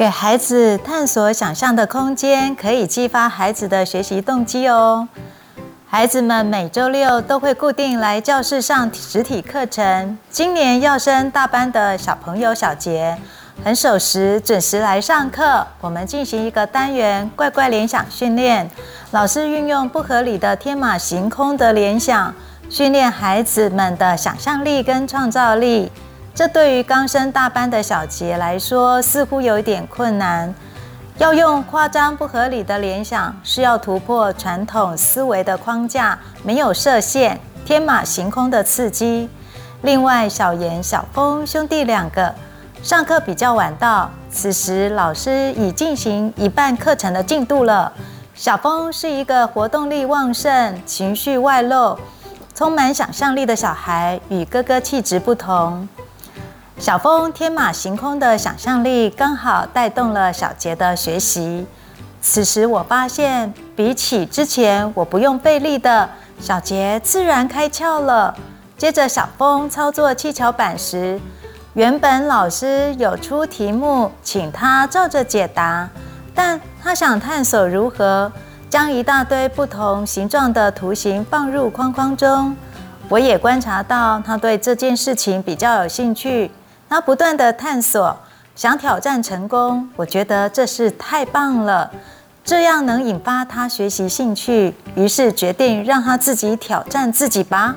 給孩子探索想象的空間，可以激發孩子的學習動機哦。孩子們每周六都會固定來教室上實體課程。今年要升大班的小朋友小杰，很守時，準時來上課。我們進行一個單元怪怪聯想訓練，老師運用不合理的天馬行空的聯想，訓練孩子們的想象力跟創造力。這對於剛升大班的小杰來說，似乎有一點困難。要用誇張不合理的聯想，是要突破傳統思維的框架，沒有設限，天馬行空的刺激。另外，小妍、小峰兄弟兩個上課比較晚到，此時老師已進行一半課程的進度了。小峰是一個活動力旺盛、情緒外露、充滿想象力的小孩，與哥哥氣質不同。小峰天馬行空的想象力剛好帶動了小杰的學習。此時我發現，比起之前我不用費力的小杰自然開竅了。接着小峰操作七巧板時，原本老師有出題目請他照着解答，但他想探索如何將一大堆不同形狀的圖形放入框框中。我也觀察到他對這件事情比較有興趣。他不斷地探索，想挑戰成功，我覺得這是太棒了，這樣能引發他學習興趣。於是決定讓他自己挑戰自己吧。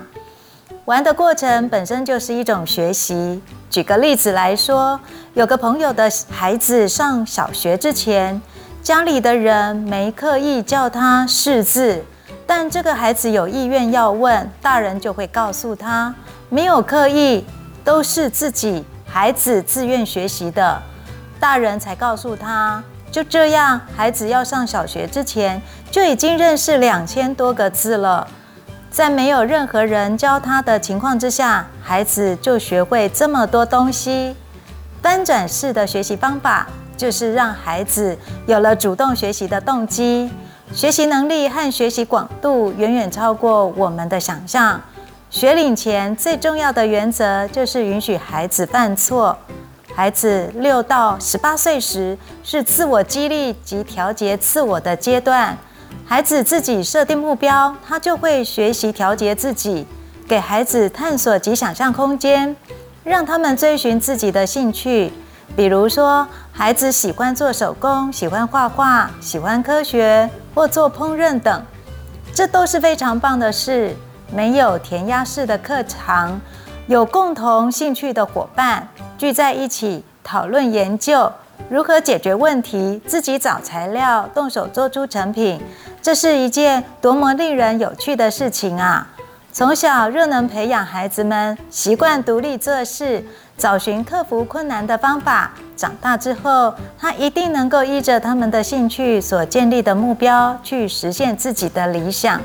玩的過程本身就是一種學習。舉個例子來說，有個朋友的孩子上小學之前，家裡的人沒刻意叫他識字，但這個孩子有意願要問，大人就會告訴他，沒有刻意，都是自己。孩子自願學習的，大人才告訴他，就這樣。孩子要上小學之前，就已經認識兩千多個字了，在沒有任何人教他的情況之下，孩子就學會這麼多東西。翻轉式的學習方法，就是讓孩子有了主動學習的動機，學習能力和學習廣度遠遠超過我們的想象。學齡前最重要的原則就是允許孩子犯錯。孩子六到十八歲時是自我激勵及調節自我的階段。孩子自己設定目標，他就會學習調節自己。給孩子探索及想象空間，讓他們追尋自己的興趣。比如說，孩子喜歡做手工、喜歡畫畫、喜歡科學或做烹飪等，這都是非常棒的事。沒有填鴨式的課堂，有共同興趣的夥伴聚在一起討論研究，如何解決問題，自己找材料，動手做出成品，這是一件多麼令人有趣的事情啊！從小若能培養孩子們習慣獨立做事，找尋克服困難的方法，長大之後，他一定能夠依着他們的興趣所建立的目標去實現自己的理想。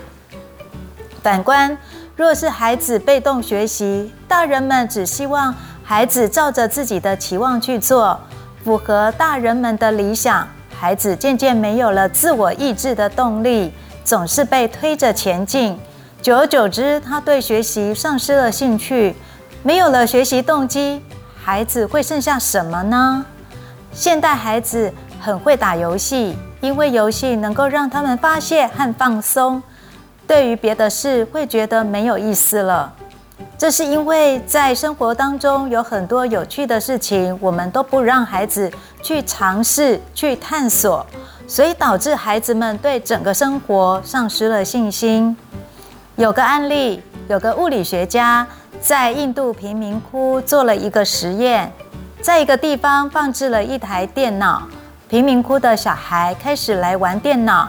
反觀，若是孩子被動學習，大人們只希望孩子照着自己的期望去做，符合大人們的理想，孩子漸漸沒有了自我意志的動力，總是被推着前進。久而久之，他對學習喪失了興趣，沒有了學習動機，孩子會剩下什麼呢？現代孩子很會打遊戲，因為遊戲能夠讓他們發洩和放鬆。對於別的事會覺得沒有意思了，這是因為在生活當中有很多有趣的事情，我們都不讓孩子去嘗試、去探索，所以導致孩子們對整個生活喪失了信心。有個案例，有個物理學家在印度貧民窟做了一個實驗，在一個地方放置了一台電腦，貧民窟的小孩開始來玩電腦。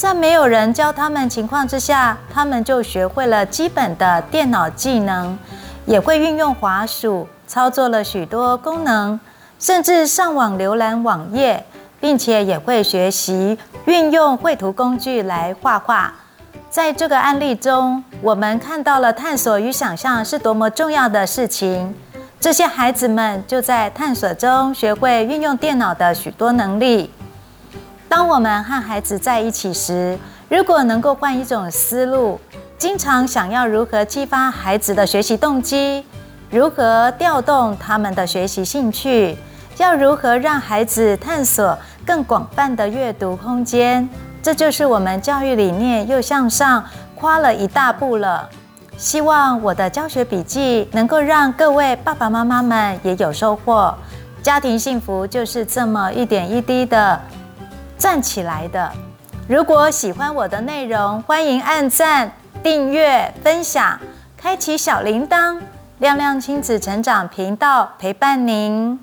在沒有人教他們情況之下，他們就學會了基本的電腦技能，也會運用滑鼠操作了許多功能，甚至上網瀏覽網頁，並且也會學習運用繪圖工具來畫畫。在這個案例中，我們看到了探索與想象是多麼重要的事情。這些孩子們就在探索中學會運用電腦的許多能力。當我們和孩子在一起時，如果能夠換一種思路，經常想要如何激發孩子的學習動機，如何調動他們的學習興趣，要如何讓孩子探索更廣泛的閱讀空間，這就是我們教育理念又向上跨了一大步了。希望我的教學筆記能夠讓各位爸爸媽媽們也有收穫。家庭幸福就是這麼一點一滴的站起來的。如果喜歡我的內容，歡迎按讚、訂閱、分享，開啟小鈴鐺。亮亮親子成長頻道陪伴您。